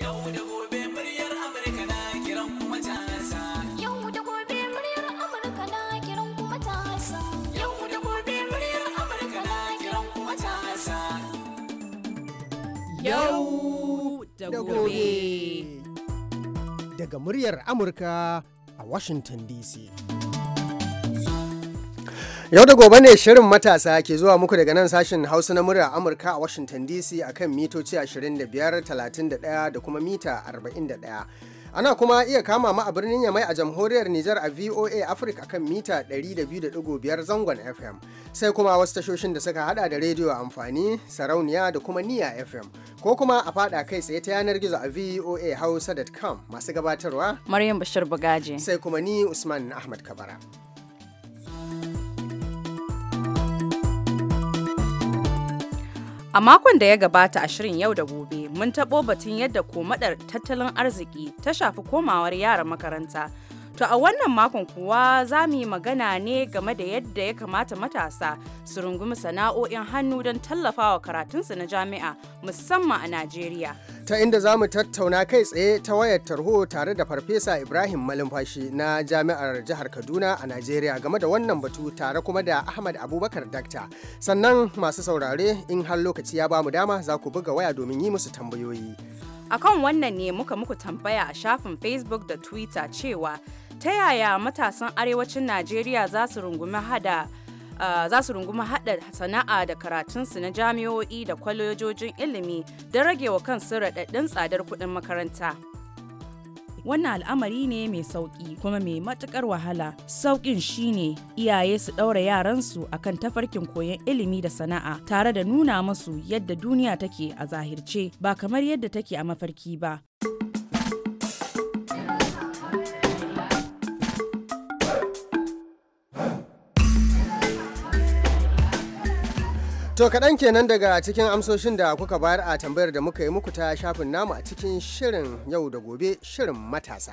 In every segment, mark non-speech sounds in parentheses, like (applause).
Yau da gobe muryar Amurka na kiran kuma tasa. Yau da gobe muryar Amurka na kiran kuma tasa. Yau da gobe muryar Amurka na kiran kuma tasa. Yau da gobe. Daga muryar Amurka a Washington DC. Yau da gobe ne shirin matasa ke zuwa muku daga nan sashen Hausa na murya Amurka a Washington DC akan mitoci 25, 31 da kuma mita 41. Ana kuma iya kama ma a birnin Yamai a jamhuriyar Nijar a VOA Africa akan mita 102.5 zangon FM. Sai kuma wasu tashoshin da suka hada da rediyo amfani, sarauniya da kuma niya FM. Ko kuma a fada kai tsaye ta yanar gizo a voahausa.com masu gabatarwa. Maryam Bashir Bagaje. Sai kuma ni Usman Ahmad Kabara. A makon da ya gabata a shirin yau da gobe mun taɓo batun yadda komadar tattalin arziki ta shafi komawar yara makaranta To a wannan makon kuwa za mu yi magana ne game da yadda ya kamata matasa su rungumi sana'o'in hannu don tallafawa karatunsu na jami'a musamman a Najeriya. Ta inda za mu tattauna kai tsaye ta wayar tarho tare da Farfesa Ibrahim Malumfashi na Jami'ar Jihar Kaduna a Najeriya game da wannan batu tare kuma da Ahmad Abubakar Dakta. Sannan masu saurare in har lokaci ya bamu dama za ku buga waya domin yi musu tambayoyi. Akan wannan ne muka muku tambaya a shafin Facebook da Twitter cewa ta yaya matasan arewacin najeriya za su rungumi hada za su rungumi haɗa sana'a da karatunsu na jami'o'i da kwalejojin ilimi don rage wa kansu raɗaɗɗin tsadar kuɗin makaranta. Wannan al'amari ne mai sauƙi kuma mai matuƙar wahala. Sauƙin shine iyaye su ɗaura yaransu akan tafarkin koyon ilimi da sana'a tare da nuna musu yadda duniya take a zahirce ba kamar yadda take a mafarki ba. To kaɗan kenan daga cikin amsoshin da kuka bayar a tambayar da muka yi muku ta shafin namu a cikin shirin yau da gobe shirin matasa.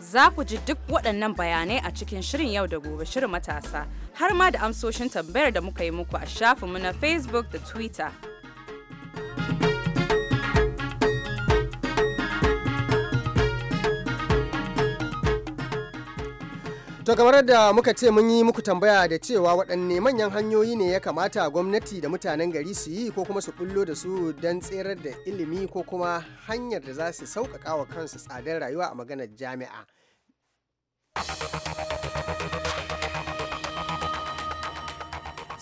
Za ku ji duk waɗannan bayanai a cikin shirin yau da gobe shirin matasa har ma da amsoshin tambayar da muka yi muku a shafinmu na Facebook da Twitter. To kamar da muka ce mun yi muku tambaya da cewa waɗanne manyan hanyoyi ne ya kamata gwamnati da mutanen gari su yi ko kuma su bullo da su don tserar da ilimi ko kuma hanyar da za su sauƙaƙa wa kansu tsadar rayuwa a maganar jami'a.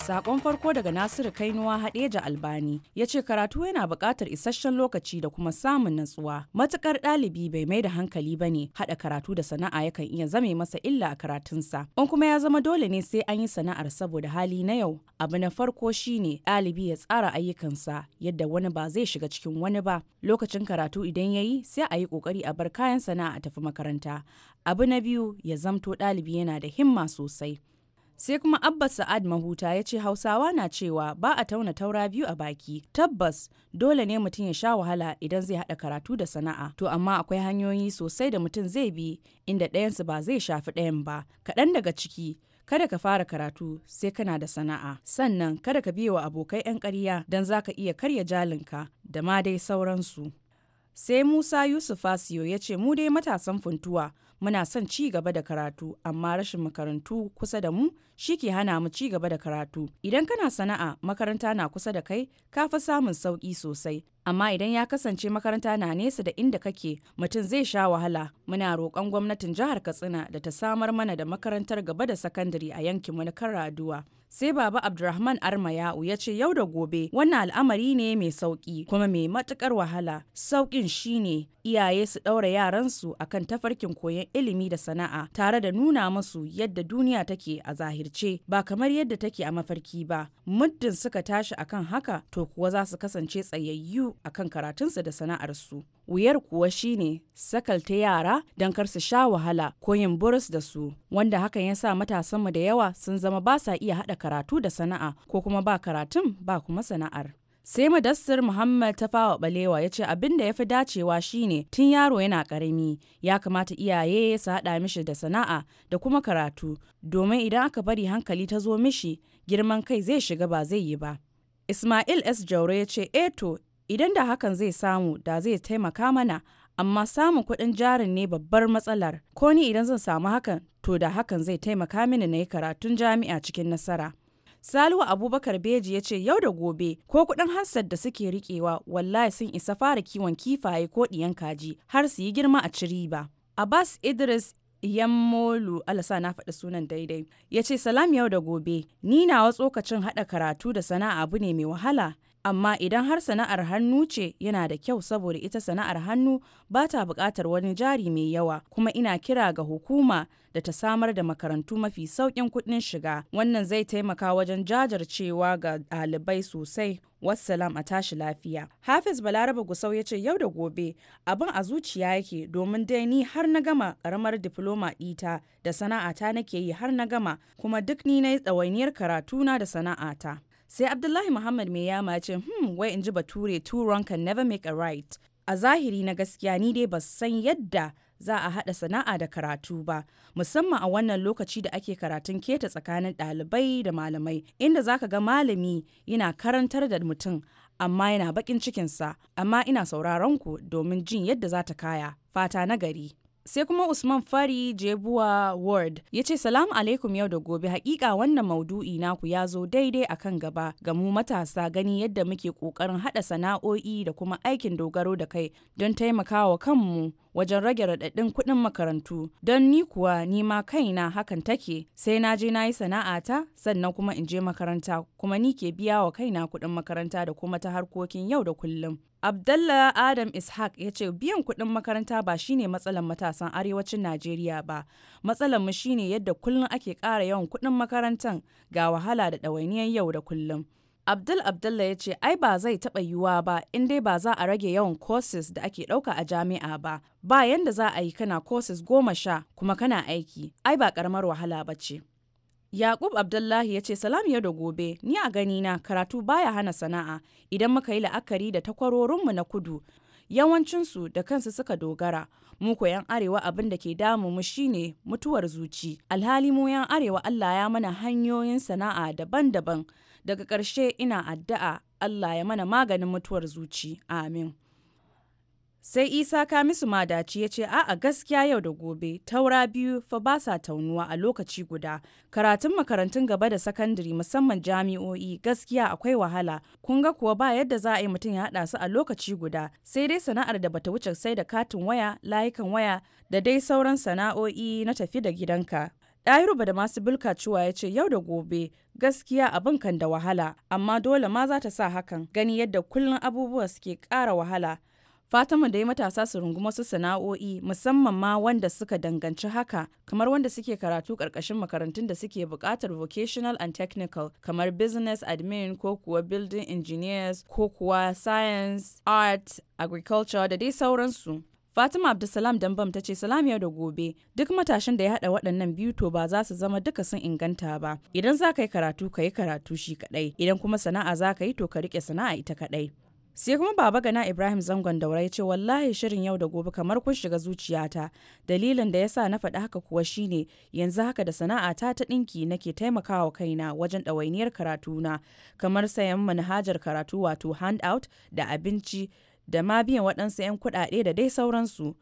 Sakon farko daga Nasiru Kainuwa haɗe Hadeja Albani ya ce karatu yana buƙatar isasshen lokaci da kuma samun natsuwa. Matukar ɗalibi bai mai da hankali ba ne haɗa karatu da sana'a yakan iya zame masa illa a karatunsa. In kuma ya zama dole ne sai an yi sana'ar saboda hali na yau. Abu na farko shine ɗalibi ya tsara ayyukansa yadda wani ba zai shiga cikin wani ba. Lokacin karatu idan ya yi sai a yi ƙoƙari a bar kayan sana'a a tafi makaranta. Abu na biyu ya zamto ɗalibi yana da himma sosai. sai kuma abba sa'ad mahuta ya ce hausawa na cewa ba a tauna taura biyu a baki tabbas dole ne mutum ya sha wahala idan zai haɗa karatu da sana'a to amma akwai hanyoyi sosai da mutum zai bi inda ɗayansu ba zai shafi ɗayan ba kaɗan daga ciki kada ka fara karatu sai kana da sana'a sannan kada ka biyewa wa abokai 'yan ƙarya don za ka iya karya jalinka da ma dai sauransu sai musa yusuf fasiyo ya ce mu dai matasan funtuwa muna son ci gaba da karatu amma rashin makarantu kusa da mu shi ke hana mu ci gaba da karatu idan kana sana'a makaranta na kusa da kai ka fi samun sauki sosai amma idan ya kasance makaranta na nesa da inda kake mutum zai sha wahala muna roƙon gwamnatin jihar katsina da ta samar mana da makarantar gaba da sakandare a yankinmu na kan raduwa sai baba abdurrahman armayau ya ce yau da gobe wannan al'amari ne mai sauki kuma mai matukar wahala saukin shine iyaye su ɗaura yaransu akan tafarkin koyon ilimi da sana'a tare da nuna musu yadda duniya take a zahirce ba kamar yadda take a mafarki ba muddin suka tashi akan haka to kuwa za su kasance tsayayyu akan karatunsu da sana'arsu wuyar kuwa shine sakalta yara don kar su sha wahala ko yin buris da su wanda hakan ya sa matasanmu da yawa sun zama ba sa iya haɗa karatu da sana'a ko kuma ba karatun ba kuma sana'ar. sai madassir muhammad fawa balewa ya ce abin da ya fi dacewa shine tun yaro yana karami ya kamata iyaye su haɗa mishi da sana'a da kuma karatu domin idan aka bari hankali ta zo mishi girman kai zai shiga ba zai yi ba ismail s jauro ya ce eto eh Idan da hakan zai samu da zai taimaka mana, amma samun kuɗin jarin ne babbar matsalar. Ko ni idan zan samu hakan, to da hakan zai taimaka mini na yi karatun jami'a cikin nasara. Salihu Abubakar Beji ya ce yau da gobe ko kuɗin hassad da suke riƙewa wallahi sun isa fara kiwon kifaye ko ɗiyan kaji har su yi girma a ciri ba Abbas Idris Yammolu Alasa na faɗi sunan daidai ya ce salam yau da gobe ni wa tsokacin haɗa karatu da sana'a abu ne mai wahala amma idan har sana'ar hannu ce yana da kyau saboda ita sana'ar hannu ba ta buƙatar wani jari mai yawa kuma ina kira ga hukuma da ta samar da makarantu mafi sauƙin kuɗin shiga wannan zai taimaka wajen jajarcewa ga ɗalibai sosai wassalam a tashi lafiya hafiz balaraba gusau ya ce yau da gobe abin a zuciya yake domin dai ni har na gama ƙaramar diploma ɗita da sana'ata nake yi har na gama kuma duk ni na yi ɗawainiyar karatuna da sana'ata sai abdullahi muhammad mai yama ce hmm wai in ji bature two wrong can never make a right a zahiri na gaskiya ni dai ba san yadda za a haɗa sana'a da karatu ba musamman a wannan lokaci da ake karatun keta tsakanin ɗalibai da malamai inda za ka ga malami yana karantar da mutum amma yana bakin cikinsa amma ina sauraron ku domin jin yadda za ta kaya fata na gari sai kuma usman fari jebuwa ward ya ce salamu alaikum yau da gobe hakika wannan maudu'i naku ya zo daidai a kan gaba ga mu matasa gani yadda muke kokarin hada sana'o'i da kuma aikin dogaro da kai don taimakawa kanmu wajen rage raɗaɗin kuɗin makarantu don ni kuwa ni ma kaina hakan take sai na je na yi ta, sannan kuma in je makaranta kuma ni ke biya wa kaina kuɗin makaranta da kuma ta harkokin yau da kullum Abdallah Adam Ishaq ya ce biyan kuɗin makaranta ba shine matsalar matasan arewacin Najeriya ba. Matsalar mu shine yadda kullum ake ƙara yawan kuɗin makarantan ga wahala da ɗawainiyar yau da kullum. Abdul Abdullah ya ce ai ba zai taɓa yiwuwa ba in dai ba za a rage yawan courses da ake ɗauka a jami'a ba. bayan da za a yi kana courses goma sha kuma kana aiki, ai ba ƙaramar wahala ba ce. yaƙub Abdullahi ya ce salam yau da gobe, ni a ganina karatu baya hana sana'a idan muka yi la'akari da takwarorinmu na kudu. Yawancinsu da kansu suka dogara, mu ko 'yan arewa abin da ke damu mu shine mutuwar zuci. Alhali mu 'yan arewa Allah ya mana hanyoyin sana'a daban-daban. daga ƙarshe ina addu'a Allah ya mana maganin mutuwar zuci amin sai isa ka misu madaci ya ce a'a gaskiya yau da gobe taura biyu fa ba sa taunuwa a lokaci guda karatun makarantun gaba da sakandare musamman jami'o'i gaskiya akwai wahala kun ga kuwa ba yadda za a yi mutum ya haɗa su a lokaci guda sai dai sana'ar da bata wuce sai da katin waya layukan waya da dai sauran sana'o'i na tafi da gidanka Ayuba da masu bulka cewa ya ce yau da gobe gaskiya abin kan da wahala amma dole ma za ta sa hakan gani yadda kullum abubuwa suke ƙara wahala. Fatima da ya matasa su runguma su sana'o'i musamman ma wanda suka danganci haka kamar wanda suke karatu karkashin makarantun da suke buƙatar vocational and technical kamar business admin ko kuwa building engineers ko kuwa science art agriculture da dai sauransu. Fatima Abdulsalam Dambam ta ce salam yau da gobe duk matashin da ya haɗa waɗannan biyu to ba za su zama duka sun inganta ba. Idan za ka yi karatu ka yi karatu shi kaɗai, idan kuma sana'a za ka yi to ka rike sana'a ita kaɗai. sai kuma baba gana ibrahim zangon daura ya ce wallahi shirin yau da gobe kamar kun shiga zuciyata dalilin da yasa na faɗi haka kuwa shine yanzu haka da sana'a ta ta ɗinki nake taimakawa kaina wajen ɗawainiyar karatuna kamar sayan manhajar karatu wato handout da abinci da ma biyan waɗansu 'yan kuɗaɗe da dai sauransu.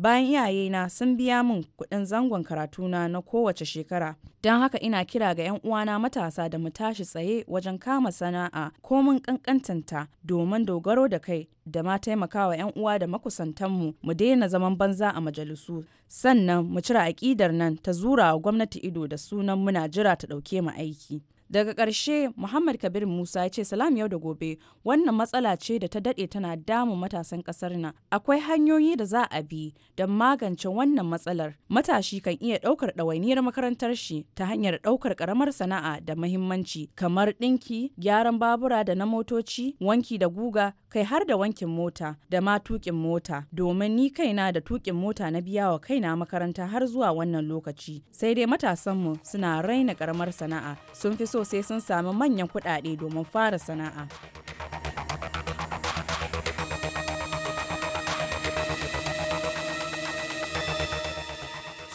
Bayan iyayena sun biya min kuɗin zangon karatuna na kowace shekara, don haka ina kira ga 'yan uwana matasa da mu tashi tsaye wajen kama sana'a ko mun ƙanƙantanta domin dogaro da kai da ma taimakawa 'yan uwa da makusantanmu mu daina zaman banza a majalisu. Sannan mu cire aƙidar nan ta zura wa gwamnati ido da sunan muna jira ta ɗauke mu aiki. daga ƙarshe muhammad kabir musa ya ce salam yau da gobe wannan matsala ce da ta daɗe tana damun matasan ƙasar nan akwai hanyoyi da za a bi don magance wannan matsalar matashi kan iya ɗaukar ɗawainiyar makarantar shi ta hanyar ɗaukar ƙaramar sana'a da mahimmanci kamar ɗinki gyaran babura da na motoci wanki da guga kai har da wankin mota da ma tuƙin mota domin ni kaina da tuƙin mota na biya wa kaina makaranta har zuwa wannan lokaci sai dai matasanmu suna raina ƙaramar sana'a sun fi so so sai sun sami manyan kuɗaɗe domin fara sana'a.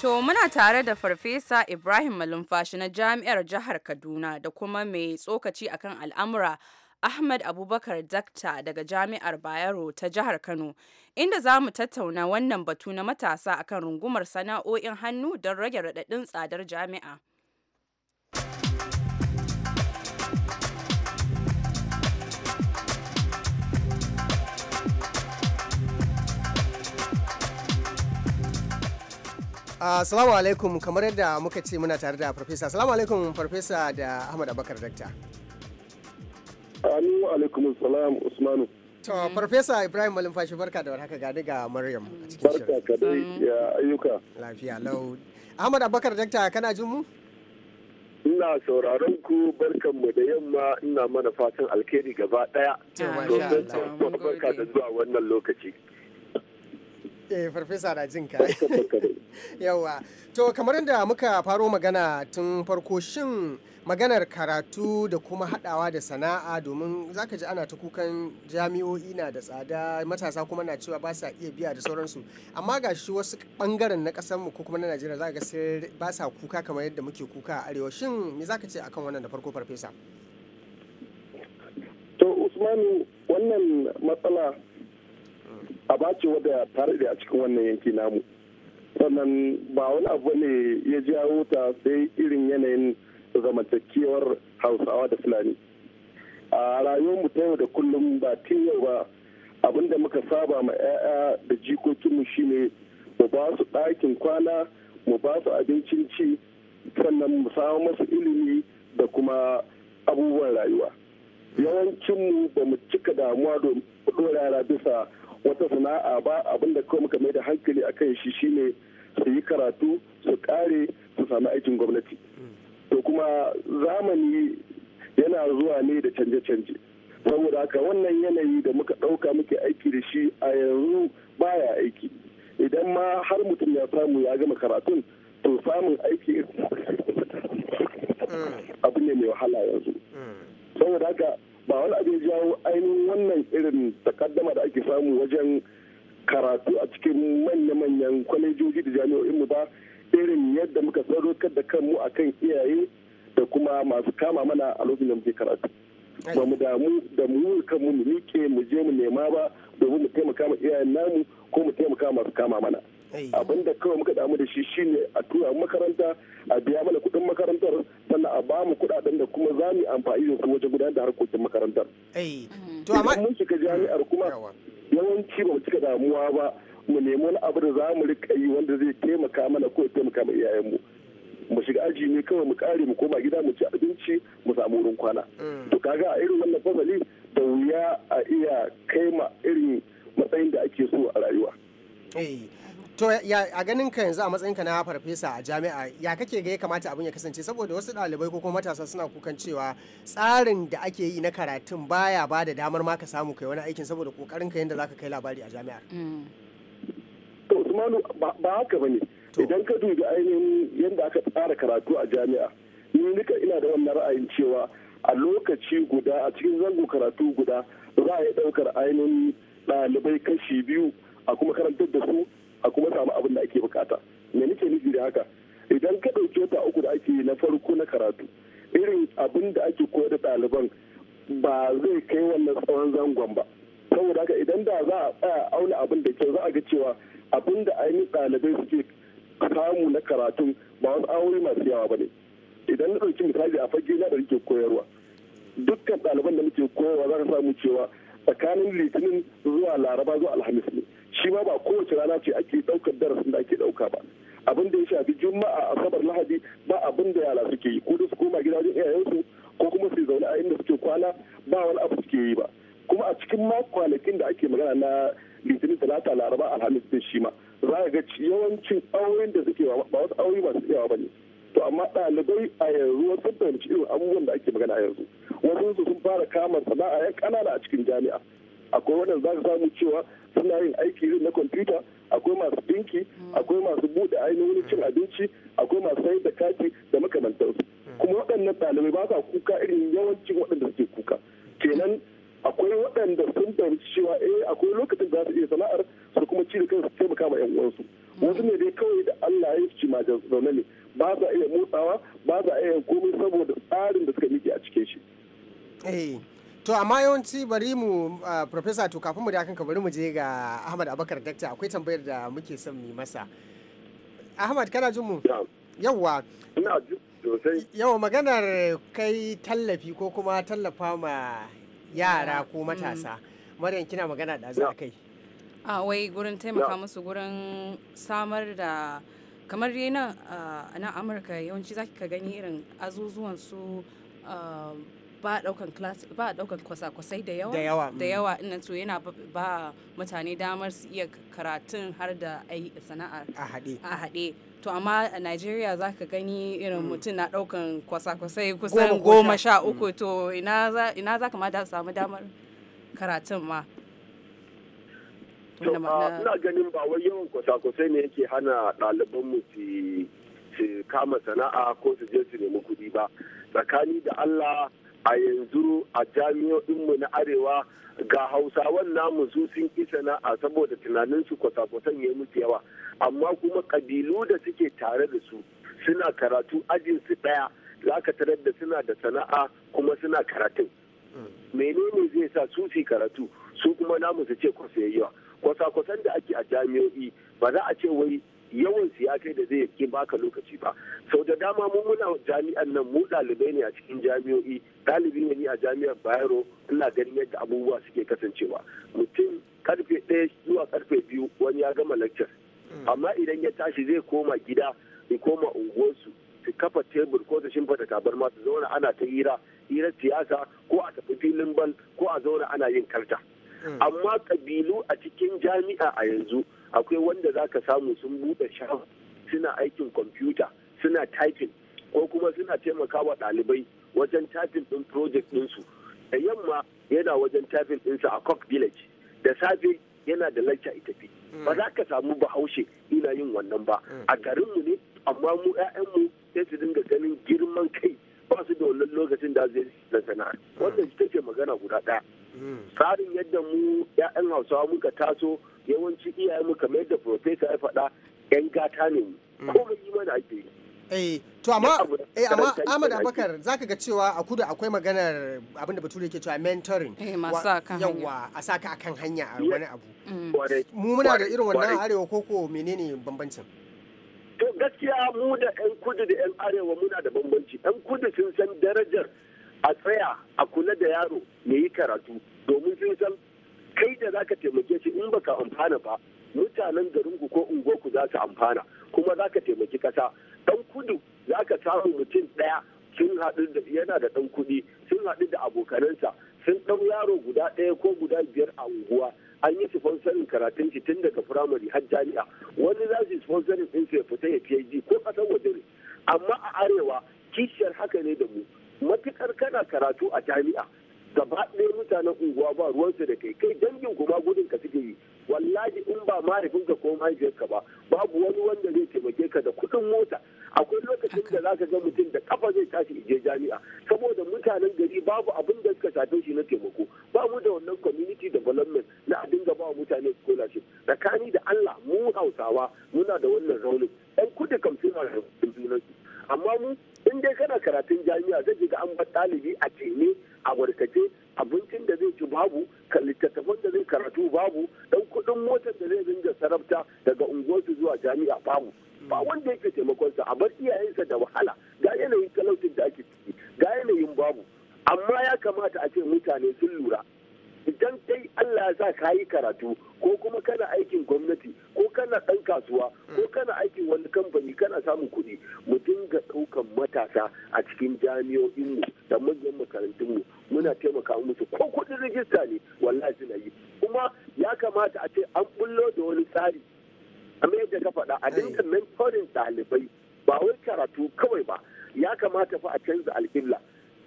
To muna tare da Farfesa Ibrahim Malumfashi na Jami'ar Jihar Kaduna da kuma mai tsokaci akan al'amura Ahmad Abubakar Dakta daga Jami'ar Bayero ta Jihar Kano, inda za mu tattauna wannan batu na matasa akan rungumar sana'o'in hannu don rage raɗaɗin tsadar jami'a. Assalamu ah, alaikum kamar yadda muka ce muna tare da Farfesa. Assalamu alaikum Farfesa da Ahmad Abakar Dakta. Alu alaikum salam Usmanu. To Farfesa Ibrahim Malumfashi barka da warhaka gani ga Maryam a cikin shirin. Barka ka dai ya ayyuka. Lafiya lau. Ahmad Abakar Dakta kana jin mu? ina sauraron ku barkan mu da yamma ina mana fatan alkhairi gaba daya. Barka da zuwa wannan lokaci. eh farfesa na jin ka (laughs) yawa to kamar yadda muka faro magana tun farko shin maganar karatu da kuma hadawa da sana'a domin zaka ji ana ta kukan jami'o'i na da tsada matasa kuma na cewa ba sa iya biya da sauransu amma ga shi wasu bangaren na kasar mu ko kuma na Najeriya zaka ga sai ba sa kuka kamar yadda muke kuka a arewa shin me zaka ce akan wannan da farko farfesa to Usmanu wannan matsala aba ce wadda tare da a cikin wannan yanki namu sannan ba wani abu ne ya jawo ta sai irin yanayin zamantakewar hausawa da fulani a rayuwarmu ta yau da kullum ba ta yau ba abinda muka saba ma 'ya'ya da jikokinmu shine mu ba su ɗakin kwana mu ba su abincin ci sannan mu samu masu ilimi da kuma abubuwan rayuwa yawancinmu ba mu cika damuwa da yara bisa wata sana'a ba abin da kawai muka mai da hankali a kan shi shine su yi karatu su kare su sami aikin gwamnati to kuma zamani yana zuwa ne da canje-canje saboda haka wannan yanayi da muka ɗauka muke aiki da shi a yanzu baya aiki idan ma har mutum ya samu ya gama karatun to samun aiki mm. abu ne mai wahala yanzu mm. saboda haka ba wani abin jawo ainihin wannan irin takaddama da ake samu wajen karatu a cikin manya-manyan kwalejoji da jami'o'inmu ba irin yadda muka sadaukar da kanmu a kan iyaye da kuma masu kama mana a lokacin da muke karatu ba mu damu da mu kanmu mu mu je mu nema ba domin mu taimaka ma iyayen namu ko mu taimaka masu kama mana abin da kawai muka damu da shi shine a tura makaranta a biya mana kuɗin makarantar sannan a ba mu kuɗaɗen da kuma za mu amfani da su wajen gudanar da harkokin makarantar. Hmm. to amma mun shiga jami'ar kuma yawanci ba mu cika damuwa ba mu nemi wani abu da za mu riƙa yi wanda zai taimaka mana ko taimaka ma iyayenmu. mu shiga aji ne kawai mu kare mu koma gida mu ci abinci mu samu wurin kwana hmm. to kaga a irin wannan fasali da wuya a iya kai ma irin matsayin da ake so a rayuwa to ya a ganin ka yanzu a matsayinka na farfesa a jami'a ya kake ga ya kamata abin ya kasance saboda wasu ɗalibai ko kuma matasa suna kukan cewa tsarin da ake yi na karatun baya ba da damar ma ka samu kai wani aikin saboda kokarin ka yanda zaka kai labari a jami'a mm. to Usmanu ba haka bane idan ka dubi ainihin yadda aka tsara karatu a jami'a ni nika ina da wannan ra'ayin cewa a lokaci guda a cikin zango karatu guda za a yi ɗaukar ainihin ɗalibai kashi biyu a kuma karantar da su a kuma samu abin da ake bukata me nake nufi da haka idan ka ɗauki wata uku da ake na farko na karatu irin abin da ake koyar da ɗaliban ba zai kai wannan tsawon zangon ba saboda haka idan da za a tsaya auna abin da kyau za a ga cewa abin da ainihin ɗalibai suke samu na karatun ba wasu awuri masu yawa ba ne idan na ɗauki misali a fage na da koyarwa dukkan ɗaliban da muke koyarwa za ka samu cewa tsakanin litinin zuwa laraba zuwa alhamis ne shi ma ba kowace rana ce ake ɗaukar darasin da ake ɗauka ba abin da ya shafi juma'a asabar lahadi ba abin da yara suke yi ko da su koma gida wajen iyayensu ko kuma su zaune a inda suke kwana ba wani abu suke yi ba kuma a cikin ma kwanakin da ake magana na litinin talata laraba alhamis din shi ma za ga yawancin auren da suke ba wasu aure masu iyawa ba ne to amma ɗalibai a yanzu wasu fahimci irin abubuwan da ake magana a yanzu wasu sun fara kama sana'a ya ƙanana a cikin jami'a akwai wannan za ka samu cewa suna yin aiki na kwamfuta akwai masu dinki akwai masu bude ainihin cin abinci akwai masu sayar da kati da makamantarsu kuma waɗannan ɗalibai ba sa kuka irin yawancin waɗanda suke kuka kenan akwai waɗanda sun fahimci cewa eh akwai lokacin da za su iya sana'ar su kuma ci da su taimaka ma 'yan uwansu wasu ne dai kawai da Allah ya ci da zaune ne ba za iya motsawa ba za iya komai saboda tsarin da suka miƙe a cikin shi. Eh. to amma yawanci bari mu professor to kafin mu da kanka bari mu je ga ahmad abakar dakta akwai tambayar da muke son mu masa ahmad kana jin mu yawa yawa maganar kai tallafi ko kuma tallafa ma yara ko mm. matasa maryam kina magana da za kai a ah, wai gurin taimaka musu gurin samar da kamar dai nan a amurka yawanci zaki ka gani irin azuzuwan su um, ba a daukan kwasa-kwasai da yawa da yawa mm. ina to yana ba mutane damar su iya karatun har da sana'ar a haɗe to amma a Najeriya za ka gani irin mm. mutum na daukan kwasa-kwasai kusan goma sha mm. uku to ina za ka ma da samu damar karatun ma to ina ganin ba wai yawan kwasa-kwasai ne yake hana mu su kama sana'a ko su je su nemi kuɗi ba tsakani da Allah a yanzu a jami'o'inmu na arewa ga hausawan namu su sun ki sana'a saboda tunaninsu kwasa-kwasan ya musu yawa amma kuma kabilu da suke tare da su suna karatu su ɗaya za ka tarar da suna da sana'a kuma suna karatun menene zai sa su su karatu su kuma namu su ce kwasa yawa kwasa-kwasan da ake a jami'o'i ba za a ce wai yawan ya da zai ki baka lokaci ba sau da dama mun muna jami'an nan mu ɗalibai ne a cikin jami'o'i ɗalibi ne ni a jami'ar bayero ina ganin yadda abubuwa suke kasancewa mutum karfe ɗaya zuwa karfe biyu wani ya gama lakcar hmm. amma idan ya tashi zai koma gida ya koma unguwarsu su kafa tebur ko su shimfata tabar masu su zauna ana ta hira hirar siyasa ko a tafi filin ban ko a zauna ana yin karta Mm. amma kabilu a cikin jami'a a yanzu akwai wanda za ka samu sun buɗe shafa suna aikin kwamfuta suna taifin ko kuma suna taimakawa ɗalibai wajen typing ɗin project ɗinsu da yamma yana wajen typing ɗinsa a cock village da safe yana da lacca ita fi mm. ba za ka samu bahaushe ina yin wannan ba mm. a garinmu ne amma mu 'ya'yanmu sai su dinga ganin girman kai ba su da wannan lokacin da zai da sana'a wannan ita ce magana guda ɗaya tsarin yadda mu 'ya'yan hausawa muka taso yawanci iyayen mu kamar yadda profesa ya faɗa 'yan gata ne mu ga mm. yi mana ake yi eh to amma eh amma Ahmad Abubakar zaka ga cewa a kudu akwai maganar abinda Bature yake cewa mentoring eh masu akan hanya yawa a saka akan hanya a wani abu mm. mu muna da irin wannan arewa koko menene bambancin to gaskiya mu da 'yan kudu da 'yan arewa muna da bambanci 'yan kudu sun san darajar a tsaya a kula da yaro ya yi karatu domin sun san kai da zaka taimake shi in baka amfana ba mutanen garinku ko unguwarku za su amfana kuma za ka taimaki kasa ɗan kudu za ka samu mutum ɗaya sun haɗu da yana da ɗan kuɗi sun haɗu da abokanansa sun ɗan yaro guda ɗaya ko guda biyar a unguwa an yi sponsorin karatun shi tun daga firamare har jami'a wani za su sponsorin din su ya fita ya PhD ko kasan waje ne amma a arewa kishiyar haka ne da mu matukar kana karatu a jami'a gaba ɗaya mutanen unguwa ba ruwansu da kai kai dangin kuma gudun ka suke yi wallahi in ba mahaifinka ko mahaifiyarka ba babu wani wanda zai taimake ka da kuɗin mota akwai lokacin da zaka ga mutum da kafa zai tashi ije jami'a saboda mutanen gari babu abin da suka shafe shi na taimako ba mu da wannan community development na a dinga ba mutane scholarship tsakani da Allah mu Hausawa muna da wannan raunin ɗan kuɗi kam suna da amma mu in dai kana karatun jami'a zai ga an bar ɗalibi a tene a barkace abincin da zai ci babu kan littattafan da zai karatu babu dan kuɗin motar da zai dinga sarabta daga unguwarsu zuwa jami'a babu ba wanda yake sa a bar iyayensa da wahala ga yanayin talaucin da ake ciki ga yanayin babu amma ya kamata a ce mutane sun lura idan dai Allah ya sa ka yi karatu ko kuma kana aikin gwamnati ko kana ɗan kasuwa ko kana aikin wani kamfani kana samun kuɗi mu dinga ɗaukan matasa a cikin jami'o'inmu da manyan makarantunmu muna taimaka musu ko kuɗin rijista ne wallahi suna yi kuma ya kamata a ce an bullo da wani tsari kamar yadda ka faɗa a dinga mentoring ɗalibai ba wai karatu kawai ba ya kamata fa a canza alƙibla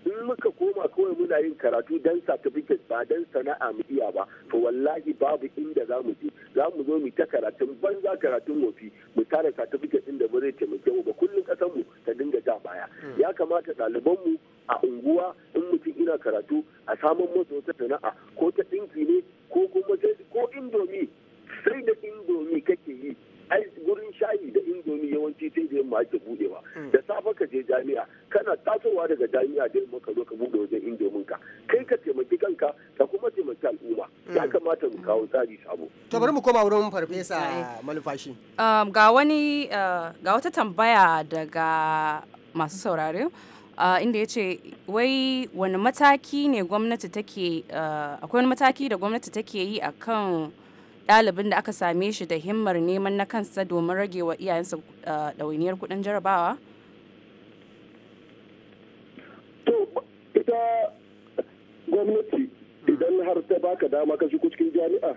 in muka koma kawai muna yin karatu dan certificate ba dan sana'a mu iya ba to wallahi babu inda za mu je za mu zo mu ta karatun banza karatun wofi mu tare certificate din da ba zai taimake mu ba kullum kasar mu ta dinga ta baya hmm. ya kamata ɗaliban mu a unguwa in mutum ina karatu a samun masa wata sana'a ko ta dinki ne ko kuma ko indomi sai da indomi kake yi ai gurin shayi da indomi yawanci sai da yamma ake budewa mm. da safe ka je jami'a kana tasowa daga jami'a da yamma ka zo ka bude wajen indomin ka kai ka taimaki kanka ka kuma taimaki al'umma ya mm. kamata mu kawo tsari sabo to bari mu koma wurin farfesa malfashi um, ga wani uh, ga wata tambaya daga masu saurare Uh, inda ya ce wai wani mataki ne gwamnati take uh, akwai wani mataki da gwamnati take yi akan dalibin da aka same shi da himmar neman na kansa domin rage wa iyayensa eh, ɗawainiyar kuɗin jarabawa? to ita gwamnati idan har ta baka dama ka shigo cikin jami'a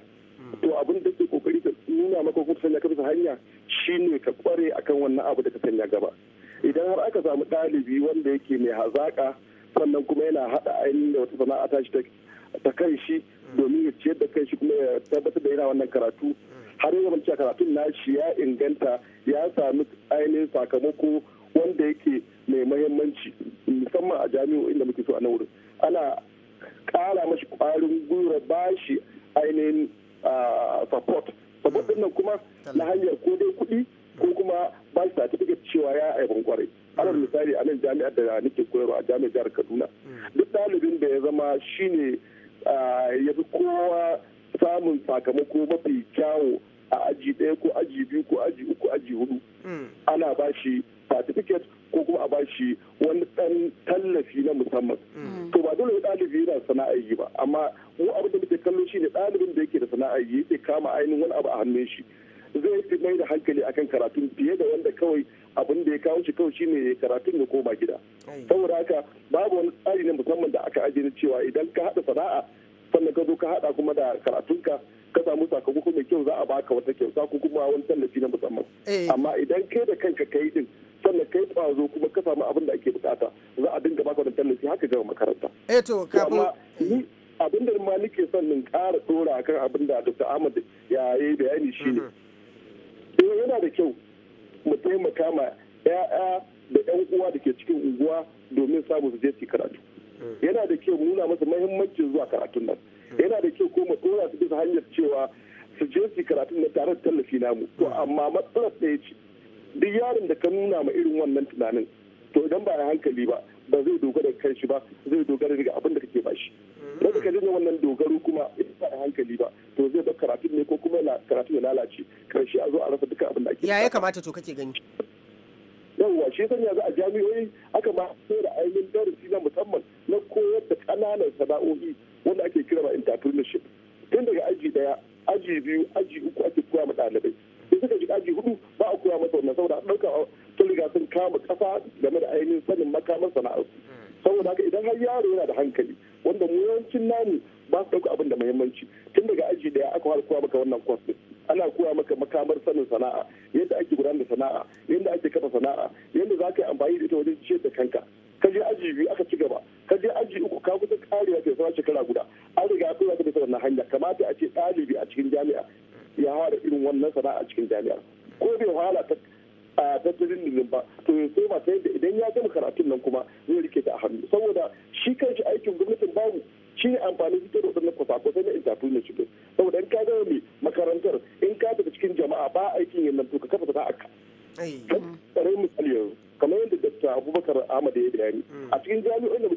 to abin da ke kokari ta nuna maka ko sanya ka hanya shine ka kware akan wannan abu da ka sanya gaba idan har aka samu ɗalibi wanda yake mai hazaƙa sannan kuma yana haɗa ainihin da wata sana'a ta shi da kan shi domin ya ciyar da kan shi kuma ya tabbatar da yana wannan karatu har yi zamanci karatun shi ya inganta ya sami ainihin sakamako wanda yake mai mahimmanci musamman a jami'o'in da muke so a nan wurin ana kara mashi kwarin gwiwa ba shi ainihin support support din nan kuma na hanyar ko dai kuɗi ko kuma ba shi certificate cewa ya aibin kwarai alal misali a nan jami'ar da nake koyarwa a jami'ar jihar kaduna duk ɗalibin da ya zama shine ya fi kowa samun sakamako mafi kyawo a aji ɗaya ko aji biyu ko aji uku aji hudu hmm. ana ba shi certificate ko kuma a ba shi wani ɗan tallafi na musamman hmm. to ba dole ɗalibi yana sana'ar yi ba amma mu abin da muke kallo shi ne ɗalibin da yake da sana'ar yi ya kama ainihin wani abu a hannun shi zai fi mai da hankali akan karatun fiye da wanda kawai abin da ya kawo shi kawai shine ya karatun ya koma gida saboda haka babu wani tsari na musamman da aka ajiye cewa idan ka haɗa sana'a sannan ka zo ka haɗa kuma da karatunka ka samu sakamako mai kyau za a baka wata kyauta ko kuma wani tallafi na musamman eh. amma idan kai da kanka ka yi din sannan kai kwazo kuma ka samu abin da ake bukata za a dinga baka wani tallafi haka gama makaranta eh kafin abin da ma nake son in ƙara dora akan abin da Dr. Ahmad ya yi bayani shine mm-hmm. eh yana da kyau mu taimaka ma 'ya'ya da 'yan uwa da ke cikin unguwa domin samun su je su karatu mm. yana da kyau mu nuna masa mahimmancin zuwa karatun nan mm. yana da kyau ko mu dora su bisa hanyar cewa su je su karatun na tare da tallafi namu to mm. amma matsalar ɗaya ce duk yaron da ka nuna ma irin wannan tunanin to idan ba a hankali ba ba zai dogara kan shi ba zai dogara daga abin da kake bashi na da kalin wannan dogaro kuma sa a hankali ba to zai bar karatun ne ko kuma karatun ya lalace karshe a zo a rasa duka abin da ake ya kamata to kake gani yawwa shi san yanzu a jami'o'i aka ma da ainihin darasi na musamman na koyar da kananan sana'o'i wanda ake kira ba entrepreneurship tun daga aji daya aji biyu aji uku ake koya ma ɗalibai sai suka ji aji hudu ba a koya masa wannan saboda ɗauka sun riga kama ƙasa game da ainihin sanin makamar sana'arsu saboda haka idan har yaro yana da hankali wanda mu yawancin namu ba su ɗauka abin da muhimmanci tun daga aji daya aka fara koya maka wannan kwas ɗin ana koya maka makamar sanin sana'a yadda ake gudanar da sana'a yadda ake kafa sana'a yadda za ka yi amfani da ita wajen ciyar da kanka ka je aji biyu aka ci gaba ka je aji uku ka kusa karewa ta sauran shekara guda an riga a koya ka bisa wannan hanya kamata a ce ɗalibi a cikin jami'a ya da irin wannan sana'a a cikin jami'a ko bai wahala ta a dajirin nilin ba to ya koma ta yadda idan ya gama karatun nan kuma zai rike ta a hannu saboda shi kanshi aikin gwamnatin babu shi ne amfani fito da waɗannan kwasa-kwasai na entrepreneurship saboda in ka gama mai makarantar in ka daga cikin jama'a ba aikin yin nan to ka kafa sana'arka tsare misali yanzu kamar yadda dr abubakar ahmad ya bayani mm. a cikin jami'o'in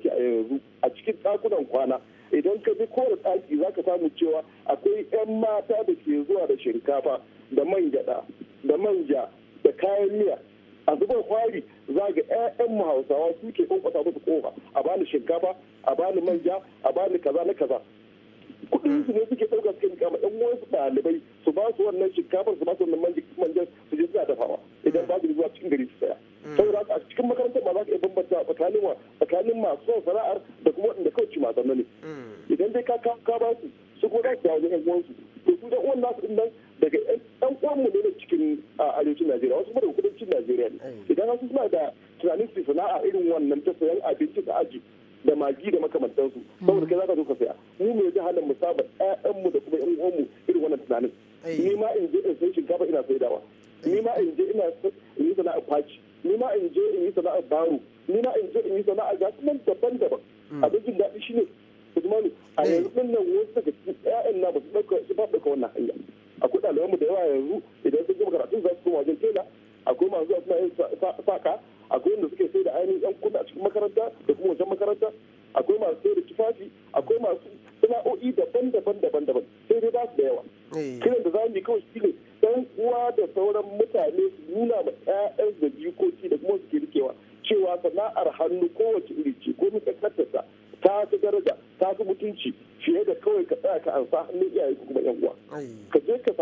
idan wasu suna da tunanin su sana'a irin wannan ta sayan abinci da aji da magi da makamantansu saboda kai za ka zo ka sai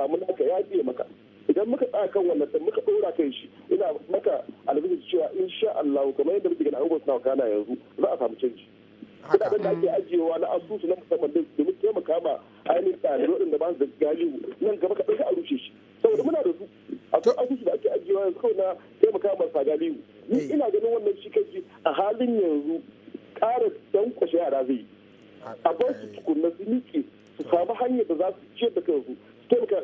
samu naka ya biye maka idan muka tsaya kan wannan sai muka dora kai shi ina maka albishir cewa insha Allah kamar yadda muke ganin abubuwan suna kana yanzu za a samu canji kudaden da ake ajiyewa na asusu na musamman din domin taimaka ma ainihin tsari waɗanda ba su da galihu nan gaba ka sai a rushe shi saboda muna da su akwai asusu da ake ajiyewa yanzu kawai na taimaka sa galihu ni eh. ina ganin wannan shi kai a halin yanzu ƙara dankwashe yara zai yi a bar su eh. tukunna su miƙe su samu hanyar da za su ciyar da kansu taimaka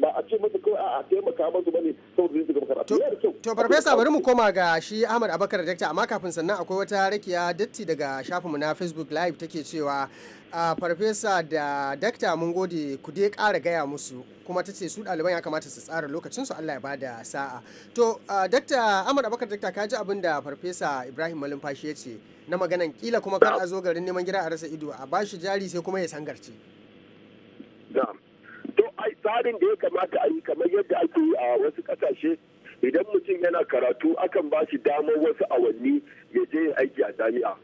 ba a ce kawai a taimaka masu bane saboda zai shiga makaranta yana da kyau to farfesa bari mu koma ga shi Ahmad Abakar dakta amma kafin sannan akwai wata rakiya datti daga shafinmu na Facebook live take cewa a farfesa da dakta mun gode ku dai ƙara gaya musu kuma ta ce su ɗaliban ya kamata su tsara lokacin su Allah ya bada sa'a to dakta amur Abakar dakta ka ji abin da farfesa Ibrahim Malumfashi ya ce na maganan kila kuma kar a zo garin neman gida a rasa ido a bashi jari sai kuma ya sangarce. tsarin da ya kamata a yi kamar yadda ake yi a wasu kasashe idan mutum yana karatu akan ba shi damar wasu awanni ya je aiki a jami'a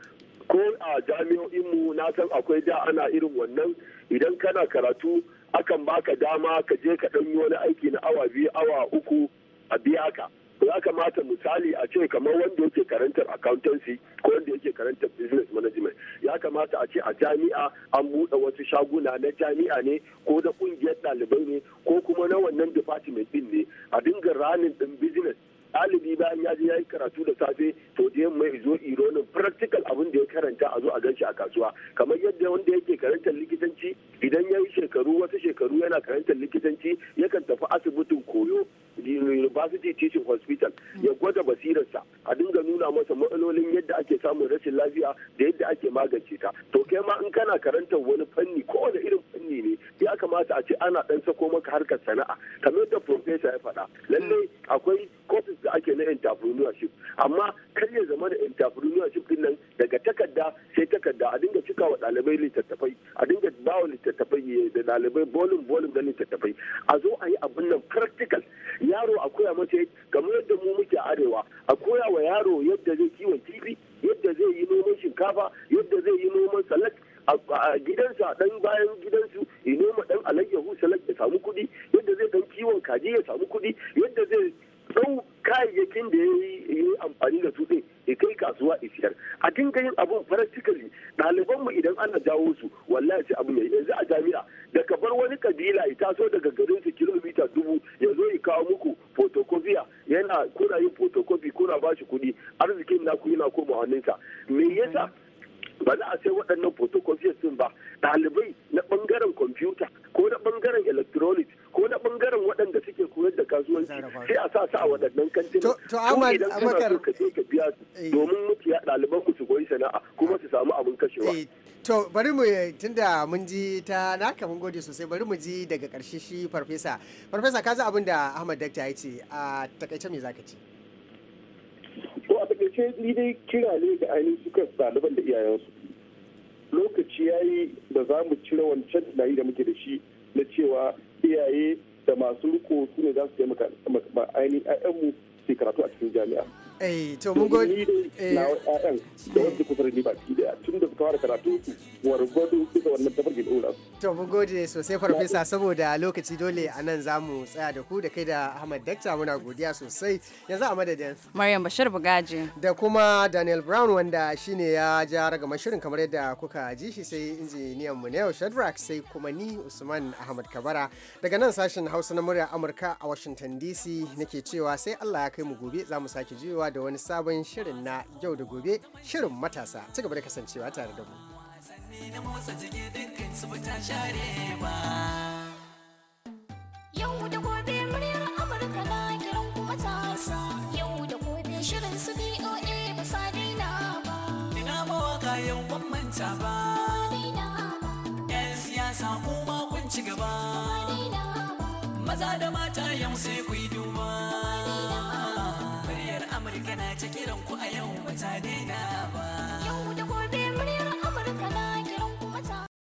ko a jami'o'inmu na san akwai da ana irin wannan idan kana karatu akan baka dama ka je ka ɗanyi wani aiki na awa biyu awa uku a biya ka ya kamata misali a ce kamar wanda yake karantar accountancy ko wanda yake karantar business management ya kamata a ce a jami'a an buɗe wasu shaguna na jami'a ne ko da ƙungiyar ɗalibai ne ko kuma na wannan department ɗin ne a dinga ranin ɗin business ɗalibi bayan ya je ya yi karatu da safe to da yamma ya zo ironin practical abin da ya karanta a zo a ganshi a kasuwa kamar yadda wanda yake karantar likitanci idan ya yi shekaru wasu shekaru yana karantar likitanci yakan tafi asibitin koyo university teaching hospital ya gwada basirarsa a dinga nuna masa matsalolin yadda ake samun rashin lafiya da yadda ake magance ta to kai ma in kana karantar wani fanni kowane irin fanni ne ya kamata a ce ana dan sako maka harkar sana'a kamar yadda professor ya faɗa lallai akwai courses da ake na entrepreneurship amma kar ya zama da entrepreneurship din nan daga takarda sai takarda a dinga cika wa dalibai littattafai a dinga ba wa littattafai eh, da dalibai bolin bolin da littattafai a zo a yi abin nan practical yaro a koya mace kamar yadda mu muke arewa a koya wa yaro yadda zai kiwon kifi yadda zai yi noman shinkafa yadda zai yi noman salak a gidansa dan bayan gidansu ya noma dan alayyahu salak ya samu kuɗi yadda zai dan kiwon kaji ya samu kuɗi yadda zai don kayayyakin da ya yi amfani da su ya kai kasuwa a siyar a dinga yin abun practically ɗalibanmu idan ana jawo su wallahi sai abu yayi yanzu a jami'a da ka bar wani kabila ya taso daga garin su kilomita dubu ya zo ya kawo muku fotokofiya yana kuna yin fotokofi kuna ba shi kuɗi arzikin naku yana koma hannunsa me yasa ba za a sai waɗannan photocopies din ba ɗalibai na ɓangaren kwamfuta ko na ɓangaren electronics ko na ɓangaren waɗanda suke koyar da kasuwanci sai a sa su a mm. waɗannan kantinan to idan kana so ka je ka biya su eh. domin ya ɗaliban ku su koyi sana'a kuma su samu abin kashewa. Eh, to bari mu tunda mun ji ta naka mun gode sosai bari mu ji daga ƙarshe shi farfesa. Farfesa ka za abin da Ahmad Dakta ya ce a takaice me zaka ce? takaice ni dai kira ne ga ainihin kan ɗaliban da iyayensu lokaci ya yi da za mu cire wancan tunani da muke da shi na cewa iyaye da masu riko su ne za su taimaka ainihin 'ya'yanmu su karatu a cikin jami'a eh to mun gode eh da wasu kusurin gode sosai farfesa saboda lokaci dole a nan za mu tsaya da ku da kai da Ahmad Dakta muna godiya sosai yanzu a madadin Maryam Bashir Bugaji da kuma Daniel Brown wanda shine ya ja raga mashirin kamar yadda kuka ji shi sai injiniyan mu Neo Shadrack sai kuma ni Usman Ahmad Kabara daga nan sashen Hausa na murya Amurka a Washington DC nake cewa sai Allah ya kai mu gobe za mu sake jiwa dawowa da wani sabon shirin na yau da gobe shirin matasa ci gaba da kasancewa tare da mu. Yau da gobe muryar Amurka na kiran kuma matasa yau da gobe shirin su BOA ba sa daina ba. Ina mawaka yau ban manta ba. Yan siyasa kuma kun ci gaba. Maza da mata yau sai ku yi na ta kiran ku a yau ba ta daina ba